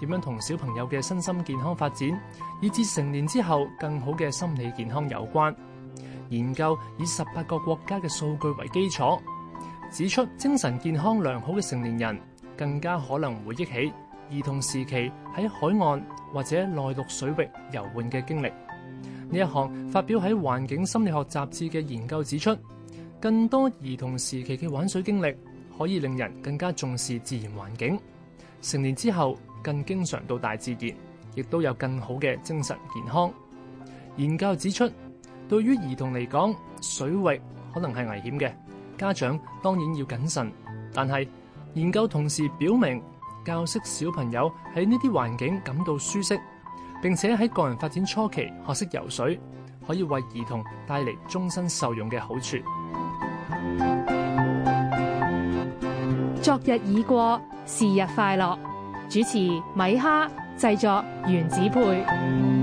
點樣同小朋友嘅身心健康發展，以至成年之後更好嘅心理健康有關？研究以十八個國家嘅數據為基礎，指出精神健康良好嘅成年人更加可能回憶起兒童時期喺海岸或者內陸水域游玩嘅經歷。呢一項發表喺《環境心理學》雜誌嘅研究指出，更多兒童時期嘅玩水經歷可以令人更加重視自然環境。成年之後，更經常到大自然，亦都有更好嘅精神健康。研究指出，對於兒童嚟講，水域可能係危險嘅，家長當然要謹慎。但係研究同時表明，教識小朋友喺呢啲環境感到舒適，並且喺個人發展初期學識游水，可以為兒童帶嚟終身受用嘅好處。昨日已過，是日快樂。主持米哈，製作原子配。